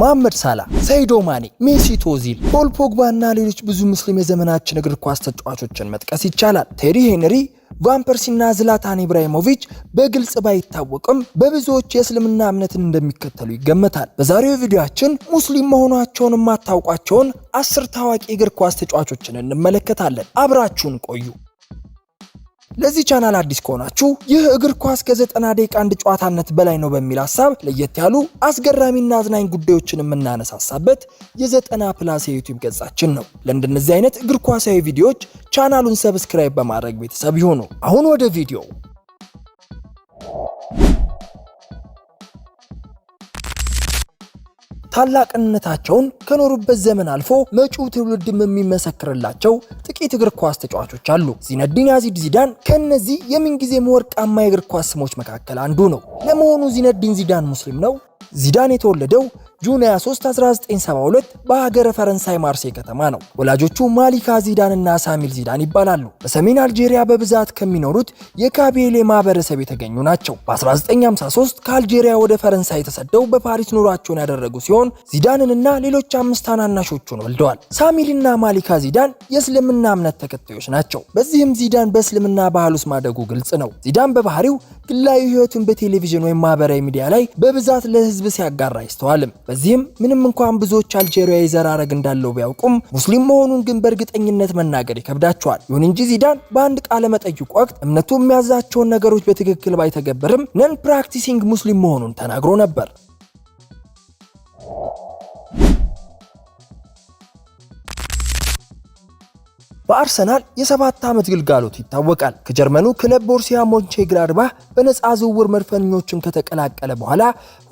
መሐመድ ሳላ፣ ሳይዶ ማኔ፣ ሜሲ ቶዚል፣ ፖል ፖግባ እና ሌሎች ብዙ ሙስሊም የዘመናችን እግር ኳስ ተጫዋቾችን መጥቀስ ይቻላል። ቴሪ ሄንሪ ቫን ዝላታን ኢብራሂሞቪች በግልጽ ባይታወቅም በብዙዎች የእስልምና እምነትን እንደሚከተሉ ይገመታል። በዛሬው ቪዲዮአችን ሙስሊም መሆናቸውን የማታውቋቸውን አስር ታዋቂ እግር ኳስ ተጫዋቾችን እንመለከታለን። አብራችሁን ቆዩ። ለዚህ ቻናል አዲስ ከሆናችሁ ይህ እግር ኳስ ከዘጠና ደቂቃ አንድ ጨዋታነት በላይ ነው በሚል ሀሳብ ለየት ያሉ አስገራሚና አዝናኝ ጉዳዮችን የምናነሳሳበት የዘጠና ፕላስ የዩቲዩብ ገጻችን ነው። ለእንደነዚህ አይነት እግር ኳሳዊ ቪዲዮዎች ቻናሉን ሰብስክራይብ በማድረግ ቤተሰብ ይሁኑ። አሁን ወደ ቪዲዮው ታላቅነታቸውን ከኖሩበት ዘመን አልፎ መጪው ትውልድም የሚመሰክርላቸው ጥቂት እግር ኳስ ተጫዋቾች አሉ። ዚነዲን ያዚድ ዚዳን ከእነዚህ የምንጊዜም ወርቃማ የእግር ኳስ ስሞች መካከል አንዱ ነው። ለመሆኑ ዚነዲን ዚዳን ሙስሊም ነው? ዚዳን የተወለደው ጁን 23 1972 በሀገረ ፈረንሳይ ማርሴ ከተማ ነው። ወላጆቹ ማሊካ ዚዳን እና ሳሚል ዚዳን ይባላሉ። በሰሜን አልጄሪያ በብዛት ከሚኖሩት የካቤሌ ማህበረሰብ የተገኙ ናቸው። በ1953 ከአልጄሪያ ወደ ፈረንሳይ ተሰደው በፓሪስ ኑሯቸውን ያደረጉ ሲሆን ዚዳንንና ሌሎች አምስት ታናናሾቹን ወልደዋል። ሳሚልና ማሊካ ዚዳን የእስልምና እምነት ተከታዮች ናቸው። በዚህም ዚዳን በእስልምና ባህል ውስጥ ማደጉ ግልጽ ነው። ዚዳን በባህሪው ግላዊ ህይወቱን በቴሌቪዥን ወይም ማህበራዊ ሚዲያ ላይ በብዛት ለህ ህዝብ ሲያጋራ አይስተዋልም። በዚህም ምንም እንኳን ብዙዎች አልጄሪያዊ ዘር ሐረግ እንዳለው ቢያውቁም ሙስሊም መሆኑን ግን በእርግጠኝነት መናገር ይከብዳቸዋል። ይሁን እንጂ ዚዳን በአንድ ቃለ መጠይቅ ወቅት እምነቱ የሚያዛቸውን ነገሮች በትክክል ባይተገብርም ነን ፕራክቲሲንግ ሙስሊም መሆኑን ተናግሮ ነበር። በአርሰናል የሰባት ዓመት ግልጋሎት ይታወቃል። ከጀርመኑ ክለብ ቦርሲያ ሞንቼንግላድባ በነፃ ዝውውር መድፈኞችን ከተቀላቀለ በኋላ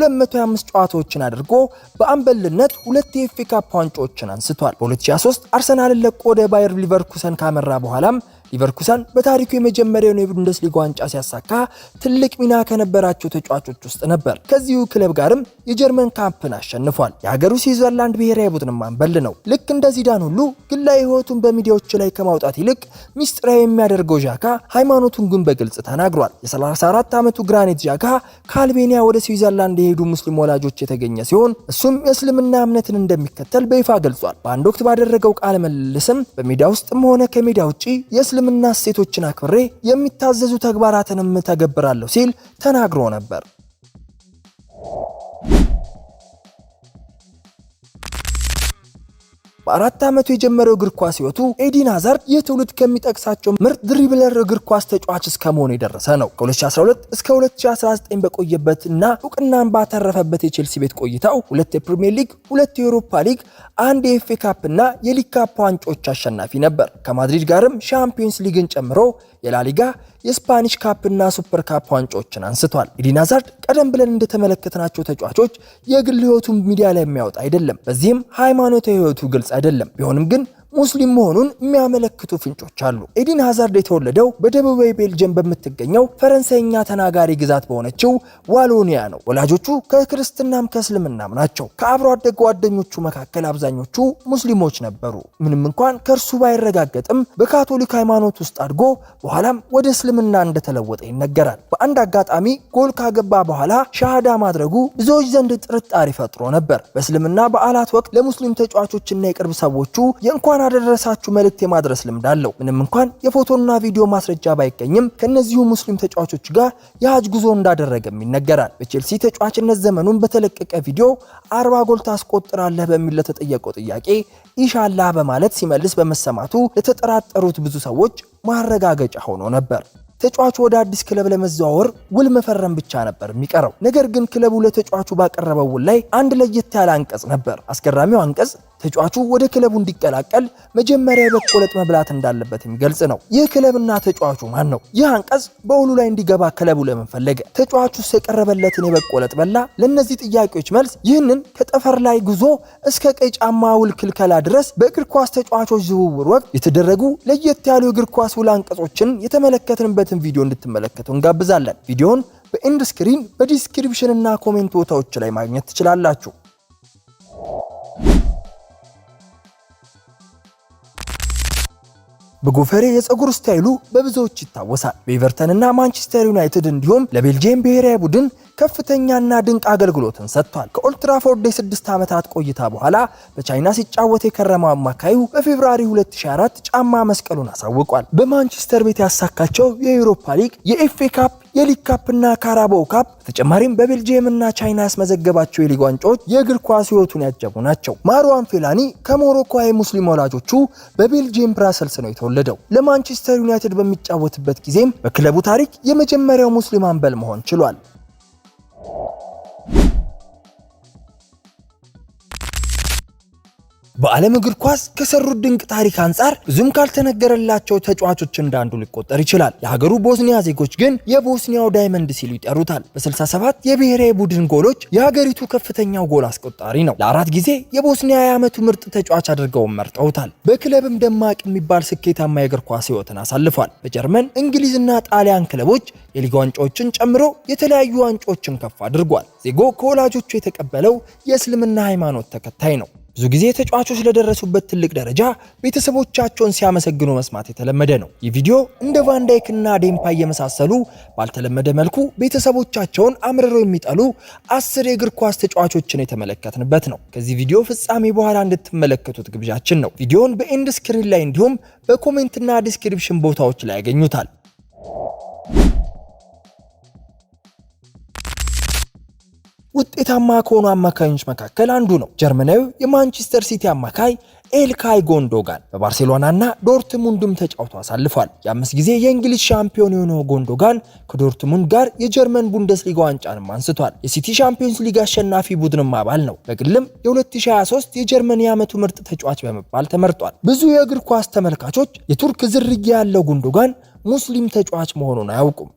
205 ጨዋታዎችን አድርጎ በአምበልነት ሁለት የኤፍኤ ካፕ ዋንጫዎችን አንስቷል። በ2003 አርሰናልን ለቆ ወደ ባየር ሊቨርኩሰን ካመራ በኋላም ሊቨርኩሰን በታሪኩ የመጀመሪያውን የቡንደስሊጋ ዋንጫ ሲያሳካ ትልቅ ሚና ከነበራቸው ተጫዋቾች ውስጥ ነበር። ከዚሁ ክለብ ጋርም የጀርመን ካምፕን አሸንፏል። የሀገሩ ስዊዘርላንድ ብሔራዊ ቡድንም አምበል ነው። ልክ እንደ ዚዳን ሁሉ ግላዊ ሕይወቱን በሚዲያዎች ላይ ከማውጣት ይልቅ ሚስጥራዊ የሚያደርገው ዣካ ሃይማኖቱን ግን በግልጽ ተናግሯል። የ34 ዓመቱ ግራኒት ዣካ ከአልቤኒያ ወደ ስዊዘርላንድ የሄዱ ሙስሊም ወላጆች የተገኘ ሲሆን እሱም የእስልምና እምነትን እንደሚከተል በይፋ ገልጿል። በአንድ ወቅት ባደረገው ቃለ ምልልስም በሜዳ ውስጥም ሆነ ከሜዳ ውጪ የእስልምና እሴቶችን አክብሬ የሚታዘዙ ተግባራትንም ተገብራለሁ ሲል ተናግሮ ነበር። በአራት ዓመቱ የጀመረው እግር ኳስ ህይወቱ ኤዲን ሃዛርድ የትውልድ ከሚጠቅሳቸው ምርጥ ድሪብለር እግር ኳስ ተጫዋች እስከ መሆኑ የደረሰ ነው። ከ2012 እስከ 2019 በቆየበት እና እውቅናን ባተረፈበት የቼልሲ ቤት ቆይታው ሁለት የፕሪሚየር ሊግ፣ ሁለት የአውሮፓ ሊግ፣ አንድ የኤፌ ካፕ እና የሊግ ካፕ ዋንጮች አሸናፊ ነበር። ከማድሪድ ጋርም ሻምፒዮንስ ሊግን ጨምሮ የላሊጋ የስፓኒሽ ካፕ እና ሱፐር ካፕ ዋንጫዎችን አንስቷል። ኤደን ሃዛርድ ቀደም ብለን እንደተመለከትናቸው ተጫዋቾች የግል ህይወቱን ሚዲያ ላይ የሚያወጣ አይደለም። በዚህም ሃይማኖታዊ ህይወቱ ግልጽ አይደለም። ቢሆንም ግን ሙስሊም መሆኑን የሚያመለክቱ ፍንጮች አሉ። ኤዲን ሀዛርድ የተወለደው በደቡባዊ ቤልጅየም በምትገኘው ፈረንሳይኛ ተናጋሪ ግዛት በሆነችው ዋሎኒያ ነው። ወላጆቹ ከክርስትናም ከእስልምናም ናቸው። ከአብሮ አደግ ጓደኞቹ መካከል አብዛኞቹ ሙስሊሞች ነበሩ። ምንም እንኳን ከእርሱ ባይረጋገጥም በካቶሊክ ሃይማኖት ውስጥ አድጎ በኋላም ወደ እስልምና እንደተለወጠ ይነገራል። በአንድ አጋጣሚ ጎል ካገባ በኋላ ሻሃዳ ማድረጉ ብዙዎች ዘንድ ጥርጣሬ ፈጥሮ ነበር። በእስልምና በዓላት ወቅት ለሙስሊም ተጫዋቾችና የቅርብ ሰዎቹ የእንኳን ያደረሳችሁ መልእክት የማድረስ ልምድ አለው። ምንም እንኳን የፎቶና ቪዲዮ ማስረጃ ባይገኝም ከእነዚሁ ሙስሊም ተጫዋቾች ጋር የሀጅ ጉዞ እንዳደረገም ይነገራል። በቼልሲ ተጫዋችነት ዘመኑን በተለቀቀ ቪዲዮ አርባ ጎል ታስቆጥራለህ በሚል ለተጠየቀው ጥያቄ ኢሻላ በማለት ሲመልስ በመሰማቱ ለተጠራጠሩት ብዙ ሰዎች ማረጋገጫ ሆኖ ነበር። ተጫዋቹ ወደ አዲስ ክለብ ለመዘዋወር ውል መፈረም ብቻ ነበር የሚቀረው። ነገር ግን ክለቡ ለተጫዋቹ ባቀረበው ውል ላይ አንድ ለየት ያለ አንቀጽ ነበር። አስገራሚው አንቀጽ ተጫዋቹ ወደ ክለቡ እንዲቀላቀል መጀመሪያ የበቆለጥ መብላት እንዳለበት የሚገልጽ ነው። ይህ ክለብና ተጫዋቹ ማን ነው? ይህ አንቀጽ በውሉ ላይ እንዲገባ ክለቡ ለምን ፈለገ? ተጫዋቹስ የቀረበለትን የበቆለጥ በላ? ለእነዚህ ጥያቄዎች መልስ ይህንን ከጠፈር ላይ ጉዞ እስከ ቀይ ጫማ ውል ክልከላ ድረስ በእግር ኳስ ተጫዋቾች ዝውውር ወቅት የተደረጉ ለየት ያሉ የእግር ኳስ ውል አንቀጾችን የተመለከትንበትን ቪዲዮ እንድትመለከቱ እንጋብዛለን። ቪዲዮን በኢንድስክሪን በዲስክሪፕሽንና ኮሜንት ቦታዎች ላይ ማግኘት ትችላላችሁ። በጎፈሬ የፀጉር ስታይሉ በብዙዎች ይታወሳል። በኤቨርተንና ማንቸስተር ዩናይትድ እንዲሁም ለቤልጅየም ብሔራዊ ቡድን ከፍተኛና ድንቅ አገልግሎትን ሰጥቷል። ከኦልትራፎርድ የስድስት ዓመታት ቆይታ በኋላ በቻይና ሲጫወት የከረመው አማካዩ በፌብራሪ 204 ጫማ መስቀሉን አሳውቋል። በማንቸስተር ቤት ያሳካቸው የዩሮፓ ሊግ፣ የኤፍኤ ካፕ የሊግ ካፕና ካራባው ካፕ በተጨማሪም በቤልጅየምና ቻይና ያስመዘገባቸው የሊግ ዋንጫዎች የእግር ኳስ ህይወቱን ያጀቡ ናቸው። ማርዋን ፌላኒ ከሞሮኮዊ ሙስሊም ወላጆቹ በቤልጅየም ብራሰልስ ነው የተወለደው። ለማንቸስተር ዩናይትድ በሚጫወትበት ጊዜም በክለቡ ታሪክ የመጀመሪያው ሙስሊም አምበል መሆን ችሏል። በዓለም እግር ኳስ ከሰሩት ድንቅ ታሪክ አንጻር ብዙም ካልተነገረላቸው ተጫዋቾች እንዳንዱ ሊቆጠር ይችላል። የሀገሩ ቦስኒያ ዜጎች ግን የቦስኒያው ዳይመንድ ሲሉ ይጠሩታል። በ67 የብሔራዊ ቡድን ጎሎች የሀገሪቱ ከፍተኛው ጎል አስቆጣሪ ነው። ለአራት ጊዜ የቦስኒያ የዓመቱ ምርጥ ተጫዋች አድርገውን መርጠውታል። በክለብም ደማቅ የሚባል ስኬታማ የእግር ኳስ ሕይወትን አሳልፏል። በጀርመን እንግሊዝና ጣሊያን ክለቦች የሊግ ዋንጫዎችን ጨምሮ የተለያዩ ዋንጫዎችን ከፍ አድርጓል። ዜጎ ከወላጆቹ የተቀበለው የእስልምና ሃይማኖት ተከታይ ነው። ብዙ ጊዜ ተጫዋቾች ለደረሱበት ትልቅ ደረጃ ቤተሰቦቻቸውን ሲያመሰግኑ መስማት የተለመደ ነው። ይህ ቪዲዮ እንደ ቫንዳይክና ዴምፓይ የመሳሰሉ ባልተለመደ መልኩ ቤተሰቦቻቸውን አምርረው የሚጠሉ አስር የእግር ኳስ ተጫዋቾችን የተመለከትንበት ነው። ከዚህ ቪዲዮ ፍጻሜ በኋላ እንድትመለከቱት ግብዣችን ነው። ቪዲዮን በኤንድ ስክሪን ላይ እንዲሁም በኮሜንትና ዲስክሪፕሽን ቦታዎች ላይ ያገኙታል። ውጤታማ ከሆኑ አማካኞች መካከል አንዱ ነው። ጀርመናዊው የማንቸስተር ሲቲ አማካይ ኤልካይ ጎንዶጋን በባርሴሎናና ዶርትሙንድም ተጫውቶ አሳልፏል። የአምስት ጊዜ የእንግሊዝ ሻምፒዮን የሆነው ጎንዶጋን ከዶርትሙንድ ጋር የጀርመን ቡንደስሊጋ ዋንጫንም አንስቷል። የሲቲ ሻምፒዮንስ ሊግ አሸናፊ ቡድንም አባል ነው። በግልም የ2023 የጀርመን የዓመቱ ምርጥ ተጫዋች በመባል ተመርጧል። ብዙ የእግር ኳስ ተመልካቾች የቱርክ ዝርያ ያለው ጎንዶጋን ሙስሊም ተጫዋች መሆኑን አያውቁም።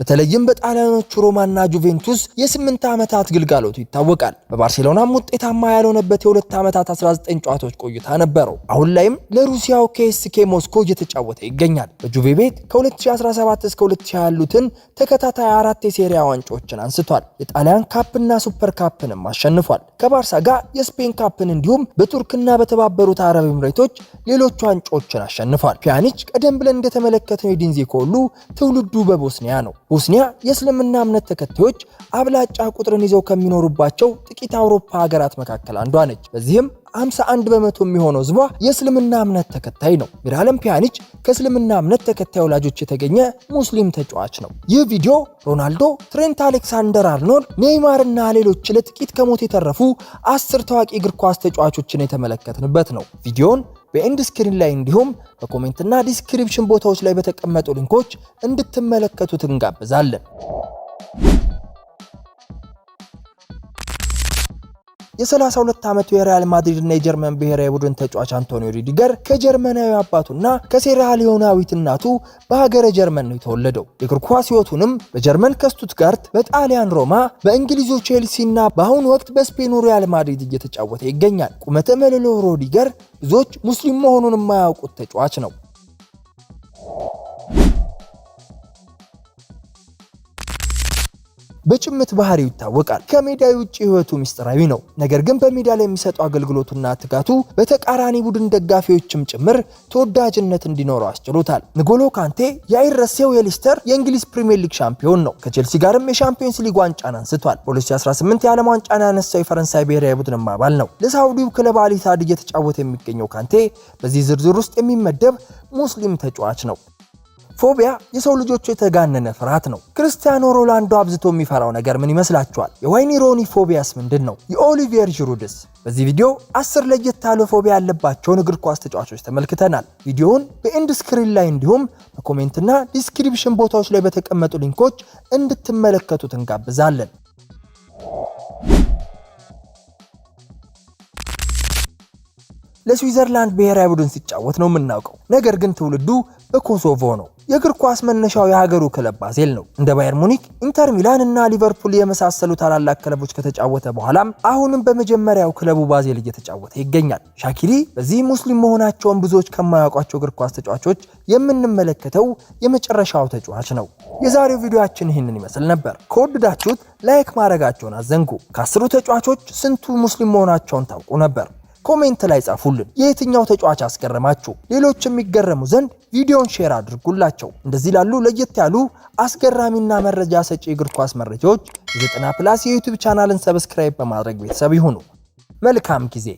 በተለይም በጣሊያኖቹ ሮማና ጁቬንቱስ የስምንት ዓመታት ግልጋሎቱ ይታወቃል። በባርሴሎናም ውጤታማ ያልሆነበት የሁለት ዓመታት 19 ጨዋታዎች ቆይታ ነበረው። አሁን ላይም ለሩሲያው ኬኤስኬ ሞስኮ እየተጫወተ ይገኛል። በጁቬ ቤት ከ2017 እስከ 2020 ያሉትን ተከታታይ አራት የሴሪያ ዋንጫዎችን አንስቷል። የጣሊያን ካፕና ሱፐር ካፕንም አሸንፏል። ከባርሳ ጋር የስፔን ካፕን እንዲሁም በቱርክና በተባበሩት አረብ ኤምሬቶች ሌሎች ዋንጫዎችን አሸንፏል። ፒያኒች ቀደም ብለን እንደተመለከተው የዲንዜኮ ኮሉ ትውልዱ በቦስኒያ ነው። ቦስኒያ የእስልምና እምነት ተከታዮች አብላጫ ቁጥርን ይዘው ከሚኖሩባቸው ጥቂት አውሮፓ ሀገራት መካከል አንዷ ነች። በዚህም 51 በመቶ የሚሆነው ሕዝቧ የእስልምና እምነት ተከታይ ነው። ሚራለም ፒያኒች ከእስልምና እምነት ተከታይ ወላጆች የተገኘ ሙስሊም ተጫዋች ነው። ይህ ቪዲዮ ሮናልዶ፣ ትሬንት አሌክሳንደር አርኖልድ፣ ኔይማርና ሌሎች ለጥቂት ከሞት የተረፉ አስር ታዋቂ እግር ኳስ ተጫዋቾችን የተመለከትንበት ነው። ቪዲዮን በኤንድ ስክሪን ላይ እንዲሁም በኮሜንትና ዲስክሪፕሽን ቦታዎች ላይ በተቀመጡ ሊንኮች እንድትመለከቱት እንጋብዛለን። የ32 ዓመቱ የሪያል ማድሪድና የጀርመን ብሔራዊ ቡድን ተጫዋች አንቶኒዮ ሩዲገር ከጀርመናዊ አባቱና ከሴራሊዮናዊት እናቱ በሀገረ ጀርመን ነው የተወለደው። የእግር ኳስ ህይወቱንም በጀርመን ከስቱትጋርት፣ በጣሊያን ሮማ፣ በእንግሊዙ ቼልሲና በአሁኑ ወቅት በስፔኑ ሪያል ማድሪድ እየተጫወተ ይገኛል። ቁመተ መለሎ ሩዲገር ብዙዎች ሙስሊም መሆኑን የማያውቁት ተጫዋች ነው። በጭምት ባህሪው ይታወቃል። ከሜዳ ውጭ ህይወቱ ምስጥራዊ ነው። ነገር ግን በሜዳ ላይ የሚሰጠው አገልግሎቱና ትጋቱ በተቃራኒ ቡድን ደጋፊዎችም ጭምር ተወዳጅነት እንዲኖረው አስችሎታል። ንጎሎ ካንቴ የአይረሴው የሌስተር የእንግሊዝ ፕሪምየር ሊግ ሻምፒዮን ነው። ከቼልሲ ጋርም የሻምፒዮንስ ሊግ ዋንጫን አንስቷል። በ2018 የዓለም ዋንጫን ያነሳው የፈረንሳይ ብሔራዊ ቡድንም አባል ነው። ለሳውዲው ክለብ አሊታድ እየተጫወተ የሚገኘው ካንቴ በዚህ ዝርዝር ውስጥ የሚመደብ ሙስሊም ተጫዋች ነው። ፎቢያ የሰው ልጆቹ የተጋነነ ፍርሃት ነው። ክርስቲያኖ ሮላንዶ አብዝቶ የሚፈራው ነገር ምን ይመስላችኋል? የዋይኒ ሮኒ ፎቢያስ ምንድን ነው? የኦሊቪየር ዥሩድስ? በዚህ ቪዲዮ አስር ለየት ያለ ፎቢያ ያለባቸውን እግር ኳስ ተጫዋቾች ተመልክተናል። ቪዲዮውን በኢንድ ስክሪን ላይ እንዲሁም በኮሜንትና ዲስክሪፕሽን ቦታዎች ላይ በተቀመጡ ሊንኮች እንድትመለከቱት እንጋብዛለን። ለስዊዘርላንድ ብሔራዊ ቡድን ሲጫወት ነው የምናውቀው። ነገር ግን ትውልዱ በኮሶቮ ነው። የእግር ኳስ መነሻው የሀገሩ ክለብ ባዜል ነው። እንደ ባየር ሙኒክ፣ ኢንተር ሚላን እና ሊቨርፑል የመሳሰሉ ታላላቅ ክለቦች ከተጫወተ በኋላም አሁንም በመጀመሪያው ክለቡ ባዜል እየተጫወተ ይገኛል። ሻኪሪ በዚህ ሙስሊም መሆናቸውን ብዙዎች ከማያውቋቸው እግር ኳስ ተጫዋቾች የምንመለከተው የመጨረሻው ተጫዋች ነው። የዛሬው ቪዲዮአችን ይህንን ይመስል ነበር። ከወደዳችሁት ላይክ ማድረጋቸውን አዘንጉ። ከአስሩ ተጫዋቾች ስንቱ ሙስሊም መሆናቸውን ታውቁ ነበር? ኮሜንት ላይ ጻፉልን። የየትኛው ተጫዋች አስገረማችሁ? ሌሎች የሚገረሙ ዘንድ ቪዲዮን ሼር አድርጉላቸው። እንደዚህ ላሉ ለየት ያሉ አስገራሚና መረጃ ሰጪ የእግር ኳስ መረጃዎች ዘጠና ፕላስ የዩቲዩብ ቻናልን ሰብስክራይብ በማድረግ ቤተሰብ ይሁኑ። መልካም ጊዜ